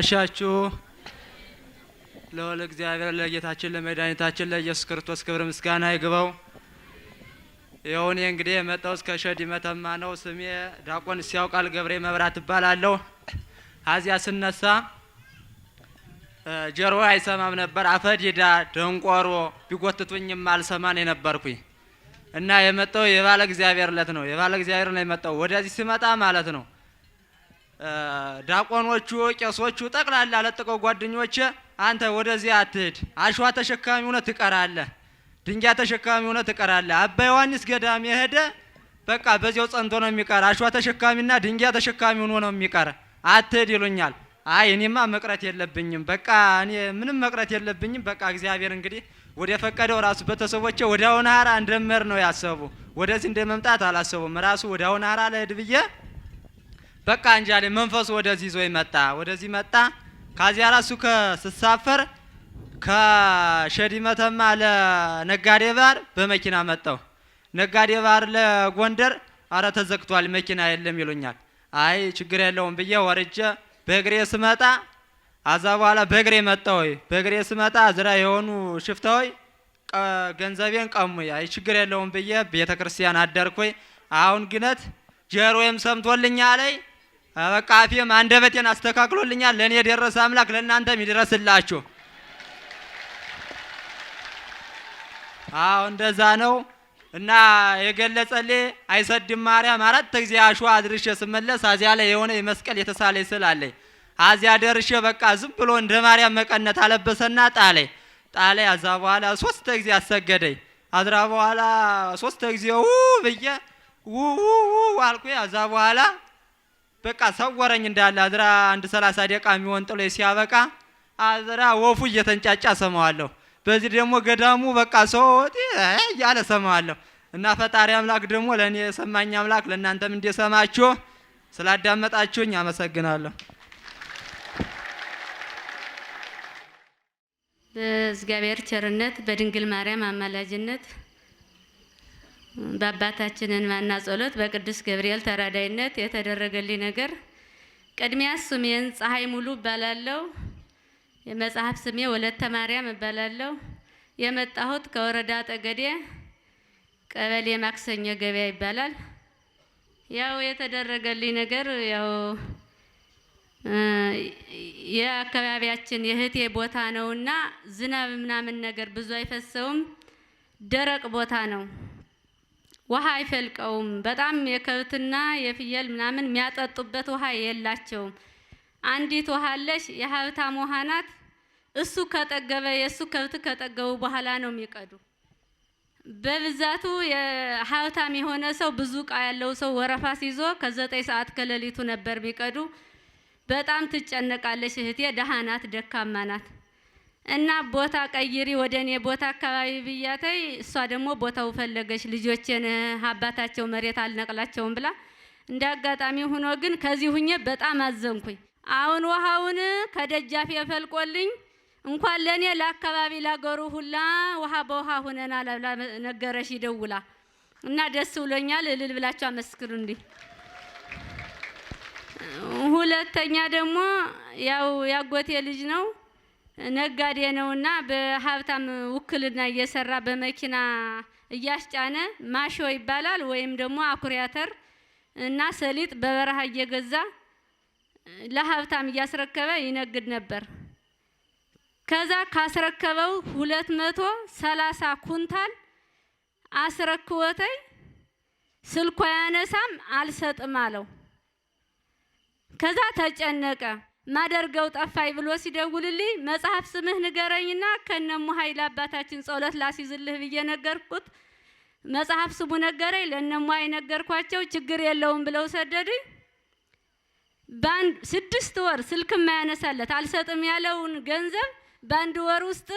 አመሻችሁ። ለወለ እግዚአብሔር ለጌታችን ለመድኃኒታችን ለኢየሱስ ክርስቶስ ክብር ምስጋና ይግባው። ይሁን እንግዲህ የመጣው እስከ ሸዲ መተማ ነው። ስሜ ዳቆን ሲያውቃል ገብሬ መብራት እባላለሁ። አዚያ ስነሳ ጀሮ አይሰማም ነበር። አፈዲዳ ደንቆሮ ቢጎትቱኝም አልሰማን የነበርኩኝ እና የመጣው የባለ እግዚአብሔር ለት ነው። የባለ እግዚአብሔር ነው የመጣው ወደዚህ ሲመጣ ማለት ነው ዳቆኖቹ፣ ቄሶቹ ጠቅላላ ለጥቀው ጓደኞች አንተ ወደዚህ አትድ አሸዋ ተሸካሚ ሆነ ትቀራለህ፣ ድንጋይ ተሸካሚ ሆነ ትቀራለህ። አባ ዮሐንስ ገዳም የሄደ በቃ በዚያው ጸንቶ ነው የሚቀር፣ አሸዋ ተሸካሚና ድንጋይ ተሸካሚ ሆኖ ነው የሚቀር፣ አትድ ይሉኛል። አይ እኔማ መቅረት የለብኝም፣ በቃ እኔ ምንም መቅረት የለብኝም። በቃ እግዚአብሔር እንግዲህ ወደ ፈቀደው ራሱ ቤተሰቦቼ ወደ አሁን ሀራ እንደመር ነው ያሰቡ፣ ወደዚህ እንደመምጣት አላሰቡም። ራሱ ወደ አሁን ሀራ ለህድ ብዬ በቃ አለ መንፈሱ ወደዚህ ይዞ መጣ፣ ወደዚህ መጣ። ከዚያ ራሱ ከስሳፈር ከሸዲ መተማ ለነጋዴ ባህር በመኪና መጣው። ነጋዴ ባህር ለጎንደር አረ ተዘግቷል፣ መኪና የለም ይሉኛል። አይ ችግር የለውም ብዬ ወርጄ በእግሬ ስመጣ አዛ በኋላ በእግሬ መጣሁ። በእግሬ ስመጣ ዝራ የሆኑ ሽፍታዎች ገንዘቤን ቀሙ። አይ ችግር የለውም ብዬ ቤተ ክርስቲያን አደርኩኝ። አሁን ግነት ጀሮዬም ሰምቶልኛ አለኝ። በቃ አፌም አንደበቴን አስተካክሎልኛል። ለእኔ የደረሰ አምላክ ለእናንተም ይድረስላችሁ። አዎ እንደዛ ነው እና የገለጸልኝ አይሰድም ማርያም አራት ጊዜ አሸዋ አድርሼ ስመለስ አዚያ ላይ የሆነ የመስቀል የተሳለ ስላለኝ አዚያ ደርሼ በቃ ዝም ብሎ እንደ ማርያም መቀነት አለበሰና ጣለኝ ጣለ አዛ በኋላ ሶስት ጊዜ አሰገደኝ። አድራ በኋላ ሶስት ጊዜ ው ብዬ ው አልኩ። አዛ በኋላ በቃ ሰወረኝ እንዳለ አዝራ አንድ ሰላሳ ደቂቃ የሚሆን ጥሎ ሲያበቃ አዝራ ወፉ እየተንጫጫ ሰማዋለሁ። በዚህ ደግሞ ገዳሙ በቃ ሰው እያለ ሰማዋለሁ። እና ፈጣሪ አምላክ ደግሞ ለእኔ የሰማኝ አምላክ ለእናንተም እንዲሰማችሁ ስላዳመጣችሁኝ አመሰግናለሁ። በእግዚአብሔር ቸርነት በድንግል ማርያም አማላጅነት በአባታችን እንማና ጸሎት በቅዱስ ገብርኤል ተራዳይነት የተደረገልኝ ነገር ቅድሚያ ስሜን ፀሐይ ሙሉ እባላለሁ። የመጽሐፍ ስሜ ወለተ ማርያም እባላለሁ። የመጣሁት ከወረዳ ጠገዴ ቀበሌ ማክሰኞ ገበያ ይባላል። ያው የተደረገልኝ ነገር ያው የአካባቢያችን የእህቴ ቦታ ነውና ዝናብ ምናምን ነገር ብዙ አይፈሰውም፣ ደረቅ ቦታ ነው። ውሃ አይፈልቀውም። በጣም የከብትና የፍየል ምናምን የሚያጠጡበት ውሃ የላቸውም። አንዲት ውሃ አለች፣ የሀብታም ውሃ ናት። እሱ ከጠገበ የእሱ ከብት ከጠገቡ በኋላ ነው የሚቀዱ። በብዛቱ የሀብታም የሆነ ሰው ብዙ እቃ ያለው ሰው ወረፋ ሲይዞ ከዘጠኝ ሰዓት ከሌሊቱ ነበር የሚቀዱ። በጣም ትጨነቃለች እህቴ። ደሃ ናት፣ ደካማ ናት። እና ቦታ ቀይሪ ወደ እኔ ቦታ አካባቢ ብያተይ እሷ ደግሞ ቦታው ፈለገች ልጆችን አባታቸው መሬት አልነቅላቸውም ብላ እንደ አጋጣሚ ሆኖ ግን ከዚህ ሁኜ በጣም አዘንኩኝ። አሁን ውሃውን ከደጃፍ የፈልቆልኝ እንኳን ለእኔ ለአካባቢ ላገሩ ሁላ ውሃ በውሃ ሁነና ነገረሽ ይደውላ እና ደስ ብሎኛል። እልል ብላችሁ አመስግኑ። እንዲህ ሁለተኛ ደግሞ ያው ያጎቴ ልጅ ነው ነጋዴ ነውና በሀብታም ውክልና እየሰራ በመኪና እያስጫነ ማሾ ይባላል። ወይም ደግሞ አኩሪ አተር እና ሰሊጥ በበረሃ እየገዛ ለሀብታም እያስረከበ ይነግድ ነበር። ከዛ ካስረከበው ሁለት መቶ ሰላሳ ኩንታል አስረክወተኝ ስልኳ ያነሳም አልሰጥም አለው። ከዛ ተጨነቀ። ማደርገው ጠፋይ ብሎ ሲደውልልኝ መጽሐፍ ስምህ ንገረኝና ከነሙ ኃይል አባታችን ጸሎት ላስይዝልህ ብዬ ነገርኩት። መጽሐፍ ስሙ ነገረኝ። ለነሙ አይነገርኳቸው ችግር የለውም ብለው ሰደዱኝ። በአንድ ስድስት ወር ስልክ ማያነሳለት አልሰጥም ያለውን ገንዘብ በአንድ ወር ውስጥ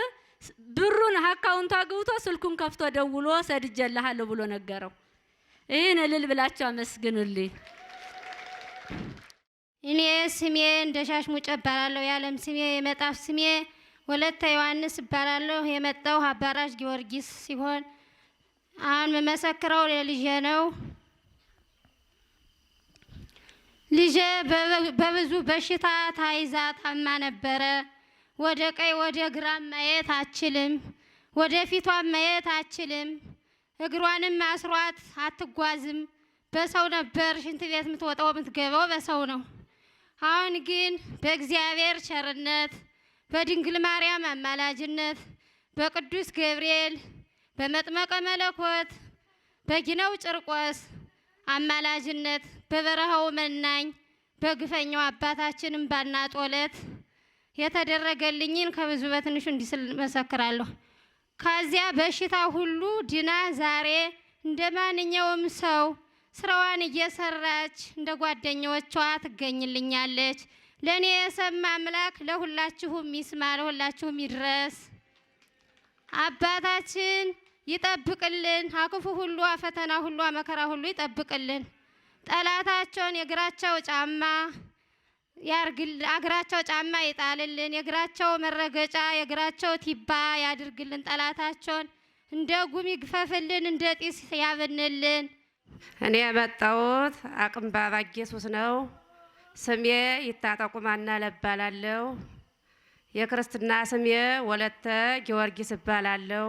ብሩን አካውንቱ አግብቶ ስልኩን ከፍቶ ደውሎ ሰድጀልሃለሁ ብሎ ነገረው። ይህን እልል ብላቸው አመስግኑልኝ። እኔ ስሜ እንደሻሽ ሙጨ እባላለሁ። የዓለም ስሜ የመጣፍ ስሜ ወለተ ዮሐንስ እባላለሁ። የመጣው አባራሽ ጊዮርጊስ ሲሆን አሁን የምመሰክረው ለልጄ ነው። ልጄ በብዙ በሽታ ታይዛ ታማ ነበረ። ወደ ቀኝ ወደ ግራም ማየት አችልም፣ ወደ ፊቷም ማየት አችልም። እግሯንም አስሯት አትጓዝም። በሰው ነበር ሽንት ቤት የምትወጣው የምትገባው በሰው ነው። አሁን ግን በእግዚአብሔር ቸርነት በድንግል ማርያም አማላጅነት በቅዱስ ገብርኤል በመጥመቀ መለኮት በጊነው ጭርቆስ አማላጅነት በበረሃው መናኝ በግፈኛው አባታችንም ባናጦለት የተደረገልኝን ከብዙ በትንሹ እንዲስል መሰክራለሁ። ከዚያ በሽታ ሁሉ ድና ዛሬ እንደ ማንኛውም ሰው ስራዋን እየሰራች እንደ ጓደኞቿ ትገኝልኛለች። ለእኔ የሰማ አምላክ ለሁላችሁም ይስማ፣ ለሁላችሁም ይድረስ። አባታችን ይጠብቅልን፣ አክፉ ሁሉ፣ አፈተና ሁሉ፣ አመከራ ሁሉ ይጠብቅልን። ጠላታቸውን የእግራቸው ጫማ አግራቸው ጫማ ይጣልልን፣ የእግራቸው መረገጫ የእግራቸው ቲባ ያድርግልን። ጠላታቸውን እንደ ጉም ይግፈፍልን፣ እንደ ጢስ ያብንልን። እኔ የመጣሁት አቅምባባ ኢየሱስ ነው። ስሜ ይታጠቁማና ለባላለው የክርስትና ስሜ ወለተ ጊዮርጊስ እባላለሁ።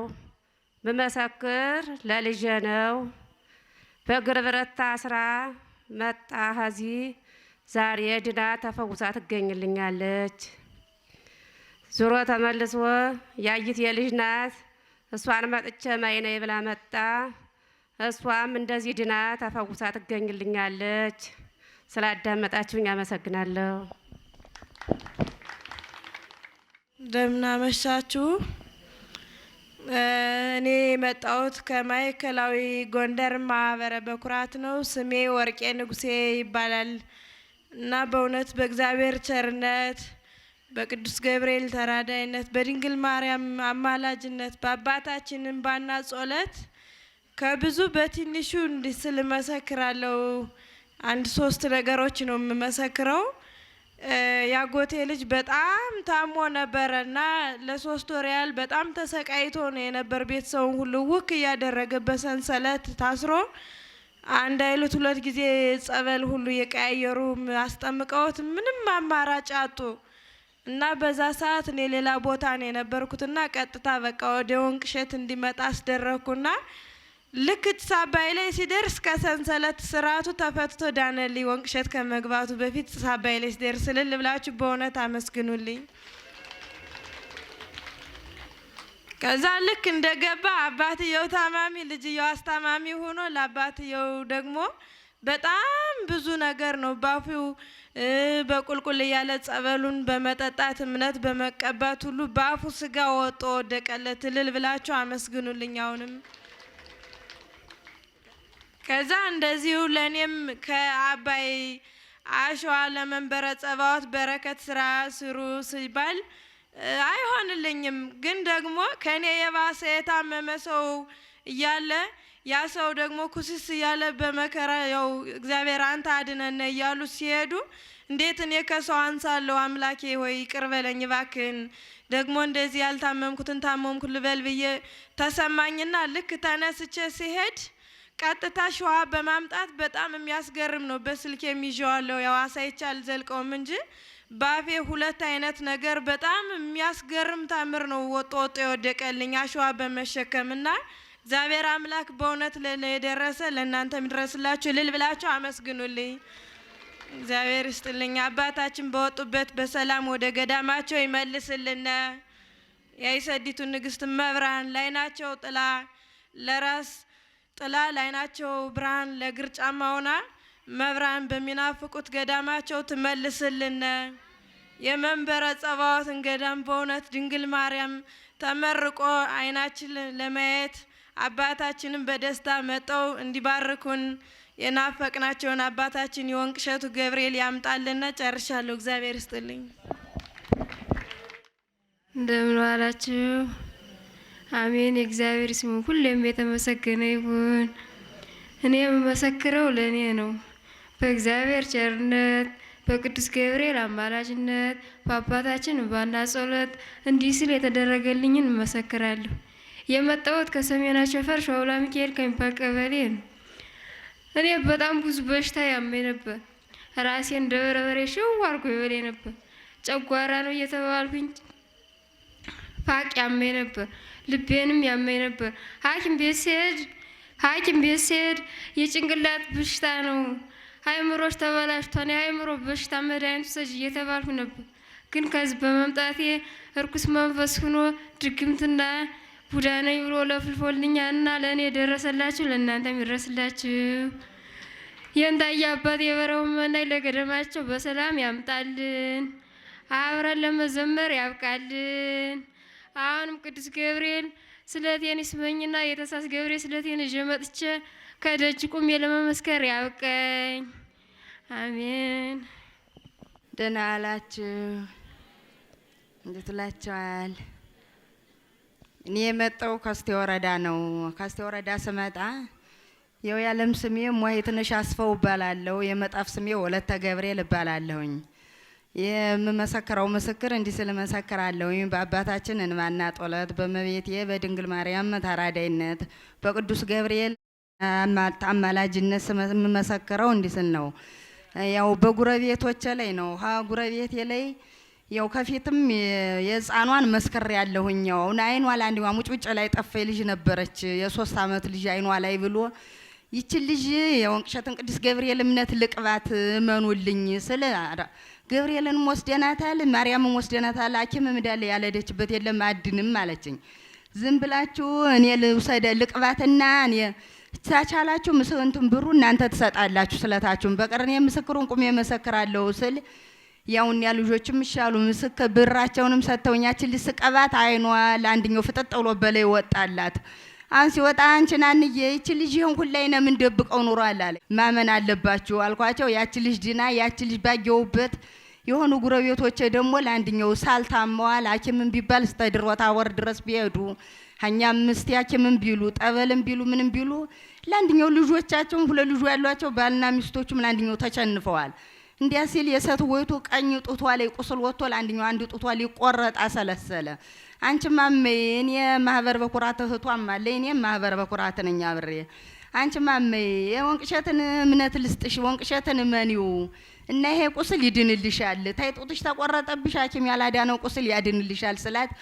ብመሰክር ለልጄ ነው። በእግር ብረት ታስራ መጣ ሀዚ ዛሬ ድና ተፈውሳ ትገኝልኛለች። ዙሮ ተመልሶ ያይት የልጅ ናት። እሷን መጥቼ ማይነይ ብላ መጣ እሷም እንደዚህ ድና ተፈውሳ ትገኝልኛለች። ስላዳመጣችሁኝ አመሰግናለሁ። እንደምናመሻችሁ። እኔ የመጣሁት ከማዕከላዊ ጎንደር ማህበረ በኩራት ነው። ስሜ ወርቄ ንጉሴ ይባላል እና በእውነት በእግዚአብሔር ቸርነት በቅዱስ ገብርኤል ተራዳይነት በድንግል ማርያም አማላጅነት በአባታችንም ባና ጸሎት ከብዙ በትንሹ እንዲህ አንድ ሶስት ነገሮች ነው የምመሰክረው። ያጎቴ ልጅ በጣም ታሞ ነበረ እና ለሶስት ወር ያህል በጣም ተሰቃይቶ ነው የነበር። ቤተሰቡን ሁሉ ውክ እያደረገ በሰንሰለት ታስሮ አንድ አይሉት ሁለት ጊዜ ጸበል ሁሉ የቀያየሩ አስጠምቀውት ምንም አማራጭ አጡ እና በዛ ሰዓት እኔ ሌላ ቦታ ነው የነበርኩትና ቀጥታ በቃ ወደ ወንቅ እሸት እንዲመጣ አስደረግኩና ልክ ጭስ አባይ ላይ ሲደርስ ከሰንሰለት ስርዓቱ ተፈትቶ ዳነልኝ። ወንቅ እሸት ከመግባቱ በፊት ጭስ አባይ ላይ ሲደርስ እልል ብላችሁ በእውነት አመስግኑልኝ። ከዛ ልክ እንደገባ አባትየው ታማሚ፣ ልጅየው አስታማሚ ሆኖ ለአባትየው ደግሞ በጣም ብዙ ነገር ነው ባፉው በቁልቁል እያለ ጸበሉን በመጠጣት እምነት በመቀባት ሁሉ ባፉ ስጋ ወጦ ወደቀለት። እልል ብላችሁ አመስግኑልኝ አሁንም ከዛ እንደዚሁ ለእኔም ከአባይ አሸዋ ለመንበረ ጸባዖት በረከት ስራ ስሩ ሲባል አይሆንልኝም። ግን ደግሞ ከእኔ የባሰ የታመመ ሰው እያለ ያ ሰው ደግሞ ኩስስ እያለ በመከራ ያው እግዚአብሔር አንተ አድነነ እያሉ ሲሄዱ እንዴት እኔ ከሰው አንሳለሁ? አምላኬ ሆይ ይቅር በለኝ እባክህን፣ ደግሞ እንደዚህ ያልታመምኩትን ታመምኩ ልበል ብዬ ተሰማኝና ልክ ተነስቼ ሲሄድ ቀጥታ ሸዋ በማምጣት በጣም የሚያስገርም ነው። በስልክ የሚዣዋለው ያው አሳይቼ አልዘልቀውም እንጂ ባፌ ሁለት አይነት ነገር በጣም የሚያስገርም ታምር ነው ወጦ ወጦ የወደቀልኝ አሸዋ ና እግዚአብሔር አምላክ በእውነት የደረሰ ለእናንተ የሚደረስላችሁ ልል ብላችሁ አመስግኑልኝ። እግዚአብሔር ይስጥልኝ። አባታችን በወጡበት በሰላም ወደ ገዳማቸው ይመልስልን። የይሰዲቱ ንግስት መብራን ላይናቸው ጥላ ለራስ ጥላ ላይናቸው ብርሃን ለእግር ጫማ ሆና መብራን በሚናፍቁት ገዳማቸው ትመልስልን የመንበረ ጸባዖትን ገዳም በእውነት ድንግል ማርያም ተመርቆ አይናችን ለማየት አባታችንም በደስታ መጠው እንዲባርኩን የናፈቅናቸውን አባታችን የወንቅ እሸቱ ገብርኤል ያምጣልና ጨርሻለሁ። እግዚአብሔር ይስጥልኝ። እንደምን ዋላችሁ? አሜን። የእግዚአብሔር ስሙ ሁሌም የተመሰገነ ይሁን። እኔ የምመሰክረው ለእኔ ነው። በእግዚአብሔር ቸርነት በቅዱስ ገብርኤል አማላጅነት በአባታችን ባና ጸሎት እንዲህ ስል የተደረገልኝን እመሰክራለሁ። የመጣሁት ከሰሜን አቸፈር ሸውላ ሚካኤል ከሚባል ቀበሌ ነው። እኔ በጣም ብዙ በሽታ ያመኝ ነበር። ራሴን ደበረ በሬ ሽው አድርጎ ይበሌ ነበር። ጨጓራ ነው እየተባልኩኝ ፋቅ ያመኝ ነበር፣ ልቤንም ያመኝ ነበር። ሐኪም ቤት ሲሄድ ሐኪም ቤት የጭንቅላት በሽታ ነው፣ አእምሮች ተበላሽቷን የአእምሮ በሽታ መድኃኒት ሰጅ እየተባልኩ ነበር። ግን ከዚህ በመምጣቴ እርኩስ መንፈስ ሆኖ ድግምትና ቡዳ ነኝ ብሎ እና ለእኔ የደረሰላችሁ ለእናንተም ይድረስላችሁ። የእንታየ አባት የበረው መናይ ለገደማቸው በሰላም ያምጣልን፣ አብረን ለመዘመር ያብቃልን። አሁንም ቅዱስ ገብርኤል ስለቴን ይስበኝና የተሳስ ገብርኤል ስለቴን ይዤ መጥቼ ከደጅ ቁሜ ለመመስከር ያብቀኝ። አሜን። ደህና አላችሁ? እንዴት ላችኋል? እኔ የመጣው ካስቴ ወረዳ ነው። ካስቴ ወረዳ ስመጣ የው የዓለም ስሜ ሟይ ትንሽ አስፈው እባላለሁ። የመጣፍ ስሜ ወለተ ገብርኤል እባላለሁኝ። የምመሰክረው ምስክር እንዲህ ስል መሰክራለሁ። በአባታችን እንባና ጦለት፣ በመቤቴ በድንግል ማርያም ተራዳይነት፣ በቅዱስ ገብርኤል አማላጅነት የምመሰክረው እንዲህ ስል ነው። ያው በጉረቤቶቼ ላይ ነው ሀ ጉረቤቴ ላይ ያው ከፊትም የህፃኗን መስከር ያለሁኝ ያው አይኗ ላይ አንድ ሙጭ ላይ ጠፋ ልጅ ነበረች የሶስት አመት ልጅ አይኗ ላይ ብሎ ይችን ልጅ ያው እንቅሸትን ቅዱስ ገብርኤል እምነት ልቅባት እመኑልኝ ስል ገብርኤልንም ወስደናታል፣ ማርያምም ወስደናታል፣ ሐኪም ምዳለ ያለደችበት የለም አድንም አለችኝ። ዝም ብላችሁ እኔ ልውሰደ ልቅባትና እኔ ታቻላችሁ ምስንቱን ብሩ እናንተ ትሰጣላችሁ ስለታችሁን በቀር እኔ ምስክሩን ቁሜ መሰክራለሁ ስል ያውን ያ ልጆችም ይሻሉ ምስክ ብራቸውንም ሰጥተውኛችን ልስቀባት አይኗ ለአንድኛው ፍጥጥ ብሎ በላይ ወጣላት። አሁን ወጣ አንቺን አንዬ ይቺ ልጅ ይህን ሁላይ ነው የምንደብቀው ኑሯል አለ። ማመን አለባችሁ አልኳቸው። ያቺ ልጅ ድና ያቺ ልጅ ባየሁበት የሆኑ ጉረቤቶቼ ደግሞ ለአንድኛው ሳልታመዋል ሐኪምን ቢባል እስተ ወር ድረስ ቢሄዱ ሀኛም ምስት ሐኪምን ቢሉ ጠበልም ቢሉ ምንም ቢሉ ለአንድኛው ልጆቻቸውን ሁለት ልጁ ያሏቸው ባልና ሚስቶቹም ለአንድኛው ተቸንፈዋል። እንዲያ ሲል የሰት ወይቱ ቀኝ ጡቷ ላይ ቁስል ወጥቶ ለአንድኛው አንድ ጡቷ ሊቆረጥ አሰለሰለ። አንቺማ እመዬ እኔ ማህበር በኩራት እህቷም አለ እኔም ማህበር በኩራት ነኝ አብሬ። አንቺ እመዬ የወንቅሸትን እምነት ልስጥሽ፣ ወንቅሸትን እመኒው እና ይሄ ቁስል ይድንልሻል፣ ታይጡትሽ ተቆረጠብሽ፣ ሐኪም ያላዳነው ቁስል ያድንልሻል ስላት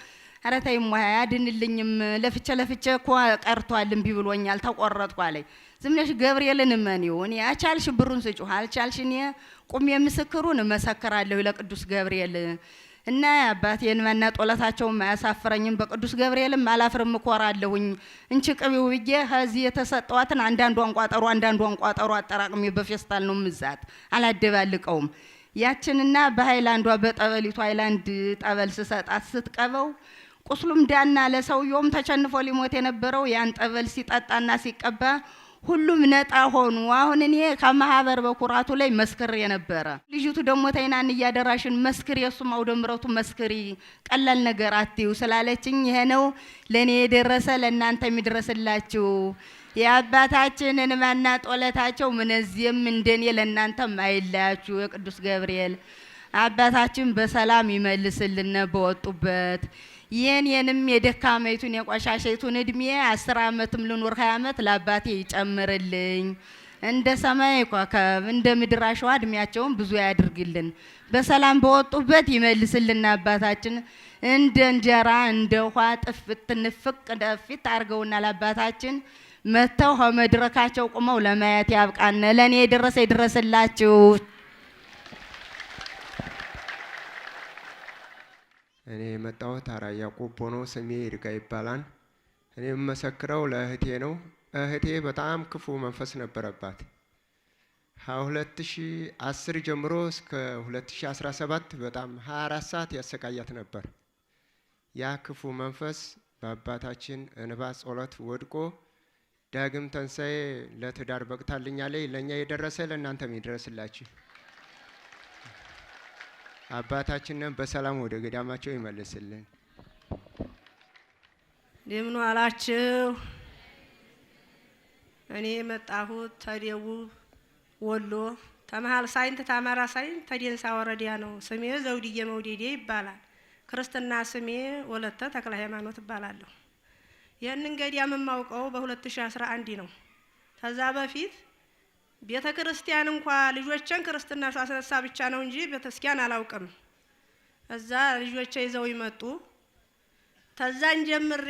ኧረ ተይም ውሀ ያድንልኝም ለፍቼ ለፍቼ እኮ ቀርቷል፣ እምቢ ብሎኛል፣ ተቆረጥኩ አለኝ። ዝም ብለሽ ገብርኤልን እመኒው፣ እኔ አቻልሽ ብሩን ስጪው፣ አልቻልሽ እኔ ቁሜ ምስክሩን እመሰክራለሁ ለቅዱስ ገብርኤል እና አባቴን መና ጦለታቸውም አያሳፍረኝም። በቅዱስ ገብርኤልም አላፍርም እኮራለሁኝ። እንቺ ቅቢው ብዬ ከዚህ የተሰጠዋትን አንዳንዷን ቋጠሮ አንዳንዷን ቋጠሮ አጠራቅሜ በፌስታል ነው ምዛት አላደባልቀውም። ያችንና በሀይላንዷ በጠበሊቱ ሃይላንድ ጠበል ስሰጣት ስትቀበው ቁስሉም ዳና ለሰውየውም ተቸንፎ ሊሞት የነበረው ያን ጠበል ሲጠጣና ሲቀባ ሁሉም ነጣ ሆኑ። አሁን እኔ ከማህበር በኩራቱ ላይ መስክር የነበረ ልጅቱ ደግሞ ተይናን እያደራሽን መስክሪ፣ የሱም አውደ ምረቱ መስክሪ፣ ቀላል ነገር አትዩ ስላለችኝ ይሄ ነው ለእኔ የደረሰ ለእናንተ የሚደረስላችሁ የአባታችን እንባና ጦለታቸው ምንዚህም እንደኔ ለእናንተም አይለያችሁ። የቅዱስ ገብርኤል አባታችን በሰላም ይመልስልን በወጡበት የኔንም የደካመይቱን የቆሻሸይቱን እድሜ አስር ዓመትም ልኑር ሀያ ዓመት ለአባቴ ይጨምርልኝ። እንደ ሰማይ ኮከብ እንደ ምድር አሸዋ እድሜያቸውን ብዙ ያድርግልን። በሰላም በወጡበት ይመልስልን። አባታችን እንደ እንጀራ እንደ ውሃ ጥፍት ንፍቅ ደፊት አድርገውና ለአባታችን መጥተው መድረካቸው ቁመው ለማየት ያብቃነ። ለእኔ የደረሰ ይድረስላችሁ። እኔ የመጣሁት አራያ ቆቦ ነው። ስሜ ይርጋ ይባላል። እኔ የምመሰክረው ለእህቴ ነው። እህቴ በጣም ክፉ መንፈስ ነበረባት። ከ2010 ጀምሮ እስከ 2017 በጣም 24 ሰዓት ያሰቃያት ነበር። ያ ክፉ መንፈስ በአባታችን እንባ ጸሎት ወድቆ ዳግም ተንሳኤ ለትዳር በቅታልኛ ላይ ለእኛ የደረሰ ለእናንተም ይደረስላችሁ። አባታችንን በሰላም ወደ ገዳማቸው ይመልስልን። እንደምን አላችሁ? እኔ የመጣሁት ተደቡብ ወሎ ተመሃል ሳይንት ተመራ ሳይንት ተደንሳ ወረዳ ነው። ስሜ ዘውድዬ መውዴዴ ይባላል። ክርስትና ስሜ ወለተ ተክለ ሃይማኖት እባላለሁ። ይህንን ገዳም የማውቀው በ2011 ነው። ከዛ በፊት ቤተ ክርስቲያን እንኳ ልጆችን ክርስትና ሳስነሳ ብቻ ነው እንጂ ቤተ ክርስቲያን አላውቅም። እዛ ልጆቼ ይዘው ይመጡ። ተዛን ጀምሬ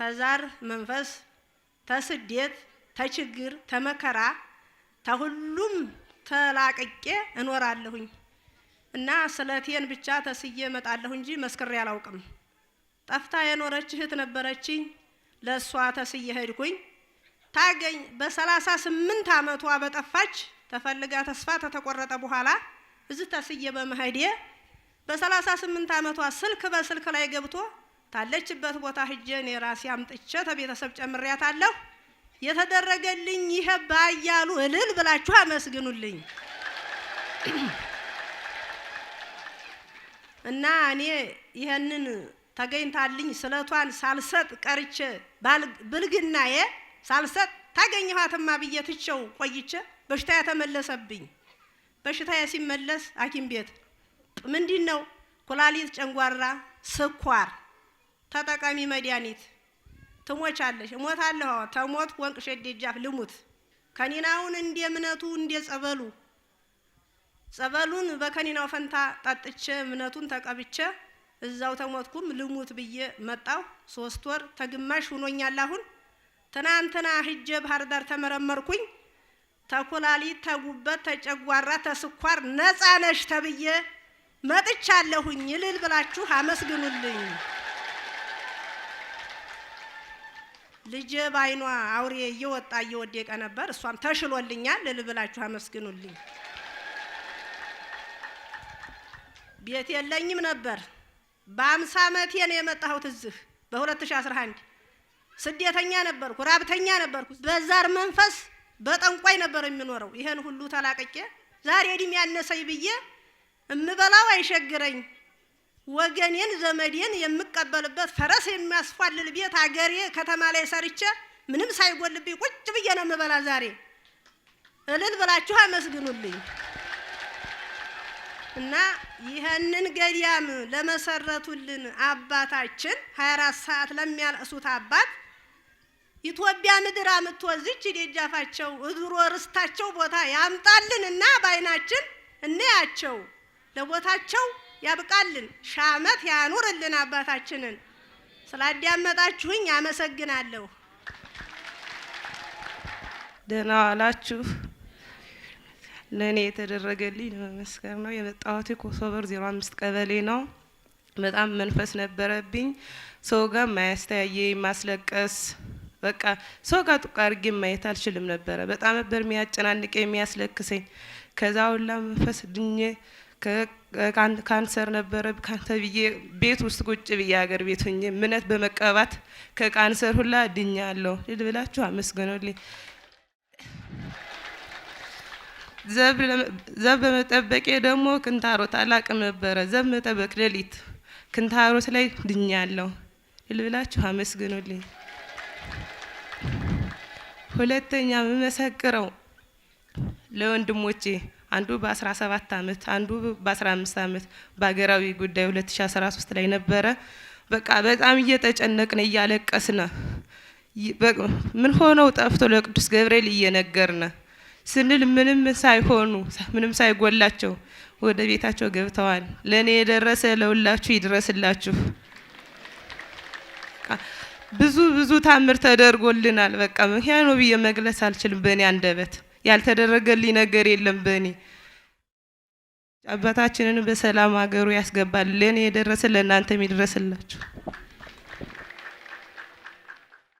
ተዛር መንፈስ፣ ተስደት፣ ተችግር፣ ተመከራ ተሁሉም ተላቅቄ እኖራለሁኝ እና ስለቴን ብቻ ተስዬ እመጣለሁ እንጂ መስክሬ አላውቅም። ጠፍታ የኖረች እህት ነበረችኝ። ለእሷ ተስዬ ሄድኩኝ። ታገኝ በሰላሳ ስምንት አመቷ በጠፋች ተፈልጋ ተስፋ ተተቆረጠ በኋላ እዚህ ተስዬ በመሄዴ በሰላሳ ስምንት አመቷ ስልክ በስልክ ላይ ገብቶ ታለችበት ቦታ ሂጄ እኔ ራሴ አምጥቼ ተቤተሰብ አለሁ የተደረገልኝ ይሄ ባያሉ እልል ብላችሁ አመስግኑልኝ። እና እኔ ይሄንን ተገኝታልኝ ስለቷን ሳልሰጥ ቀርቼ ብልግናዬ ሳልሰጥ ታገኘኋትማ ብዬ ትቸው ቆይቼ በሽታ ያተመለሰብኝ በሽታ ሲመለስ ሐኪም ቤት ምንድን ነው ኩላሊት፣ ጨንጓራ፣ ስኳር ተጠቃሚ መድኃኒት ትሞቻለሽ። እሞታለሁ። ተሞት ወንቅ ሸደጃፍ ልሙት ከኒናውን እንደ እምነቱ እንደ ጸበሉ ጸበሉን በከኒናው ፈንታ ጠጥቼ እምነቱን ተቀብቼ እዛው ተሞትኩም ልሙት ብዬ መጣሁ። ሶስት ወር ተግማሽ ሁኖኛል አሁን ትናንትና ህጀ ባህር ዳር ተመረመርኩኝ። ተኩላሊት፣ ተጉበት፣ ተጨጓራ፣ ተስኳር ነጻ ነሽ ተብዬ መጥቻለሁኝ። ይልል ብላችሁ አመስግኑልኝ። ልጄ ባይኗ አውሬ እየወጣ እየወደቀ ነበር። እሷም ተሽሎልኛል። ልል ብላችሁ አመስግኑልኝ። ቤት የለኝም ነበር። በአምሳ ዓመቴ ነው የመጣሁት እዚህ በ2011 ስደተኛ ነበርኩ፣ ራብተኛ ነበርኩ፣ በዛር መንፈስ በጠንቋይ ነበር የሚኖረው። ይሄን ሁሉ ተላቅቄ ዛሬ እድሜ ያነሰኝ ብዬ እምበላው አይሸግረኝ ወገኔን ዘመዴን የምቀበልበት ፈረስ የሚያስፋልል ቤት አገሬ ከተማ ላይ ሰርቼ ምንም ሳይጎልብኝ ቁጭ ብዬ ነው የምበላ ዛሬ። እልል ብላችሁ አመስግኑልኝ። እና ይህንን ገዳም ለመሰረቱልን አባታችን 24 ሰዓት ለሚያለቅሱት አባት ኢትዮጵያ ምድር አምጥቶ እዚች ደጃፋቸው እድሮ ርስታቸው ቦታ ያምጣልን እና በዓይናችን እናያቸው። ለቦታቸው ያብቃልን፣ ሻመት ያኑርልን አባታችንን። ስላዳመጣችሁኝ አመሰግናለሁ። ደህና ዋላችሁ። ለእኔ የተደረገልኝ ለመመስከር ነው የመጣሁት። ኮሶበር ዜሮ አምስት ቀበሌ ነው። በጣም መንፈስ ነበረብኝ። ሰው ጋር ማያስተያየ ማስለቀስ በቃ ሰው ጋር ጡቅ አድርጌ ማየት አልችልም ነበረ። በጣም ነበር የሚያጨናንቅ የሚያስለክሰኝ። ከዛ ሁላ መንፈስ ድኜ ካንሰር ነበረ ካንተ ብዬ ቤት ውስጥ ቁጭ ብዬ ሀገር ቤት ሁኜ ምነት በመቀባት ከካንሰር ሁላ ድኛ አለው ልል ብላችሁ አመስገኖልኝ። ዘብ በመጠበቄ ደግሞ ክንታሮት አላቅም ነበረ። ዘብ መጠበቅ ሌሊት ክንታሮት ላይ ድኛ አለው ልል ብላችሁ ሁለተኛ የምመሰክረው ለወንድሞቼ አንዱ በ17 ዓመት አንዱ በ15 ዓመት በሀገራዊ ጉዳይ 2013 ላይ ነበረ። በቃ በጣም እየተጨነቅን እያለቀስነ ምን ሆነው ጠፍቶ ለቅዱስ ገብርኤል እየነገርነ ስንል ምንም ሳይሆኑ ምንም ሳይጎላቸው ወደ ቤታቸው ገብተዋል። ለእኔ የደረሰ ለሁላችሁ ይድረስላችሁ። ብዙ ብዙ ታምር ተደርጎልናል። በቃ ምክንያ ነው ብዬ መግለጽ አልችልም። በእኔ አንደበት ያልተደረገልኝ ነገር የለም። በእኔ አባታችንን በሰላም ሀገሩ ያስገባል። ለእኔ የደረሰ ለእናንተም ይድረስላችሁ።